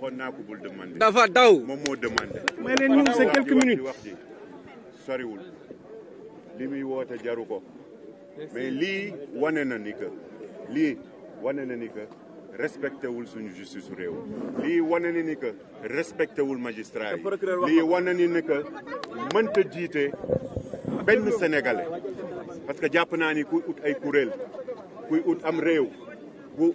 waxoon naa ko bul demandé. dafa daw moom moo demandé. may leen ñu c'est quelques minutes wax ji soriwul li muy woote jaru ko mais lii wane na ni que lii wane na ni que respecté wul suñu justice su réew. lii wane na ni que respecté wul magistrat yi. lii wane na ni que mënta jiite benn sénégalais. parce que jàpp naa ni kuy ut ay kuréel kuy ut am réew bu.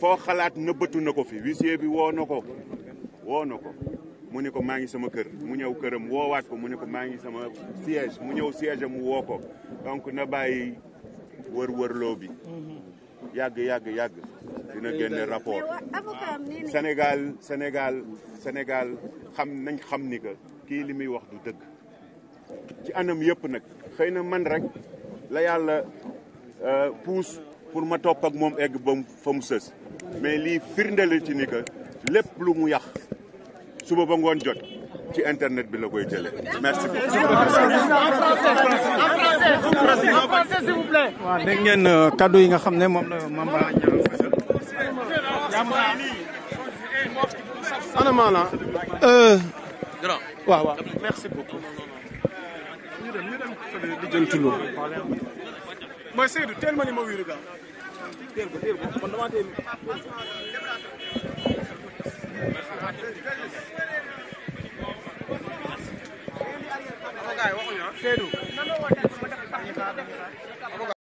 foo xalaat nëbbatu na ko fi huissier bi woo na ko woo na ko mu ne ko maa ngi sama kër mu ñëw këram woowaat ko mu ne ko maa ngi sama siège mu ñëw siège mu woo ko donc na bàyyi wër-wërloo bi yàgg yàgg yàgg dina génne rapport senegal senegal senegal xam nañ xam ni que kii li muy wax du dëgg ci anam yëpp nag xëy na man rek la yàlla euh, puus pour ma top ak mom egg bam fa mu mais li firndel ci ni que lepp lu mu yàq suba ba ngone jot ci internet bi la koy jëlee merci beaucoup. ngeen euh, yi nga euh, merci beaucoup. ñu dem ñu dem di jël Seydou ni ma téel ko téel ko man damaa téye Seydou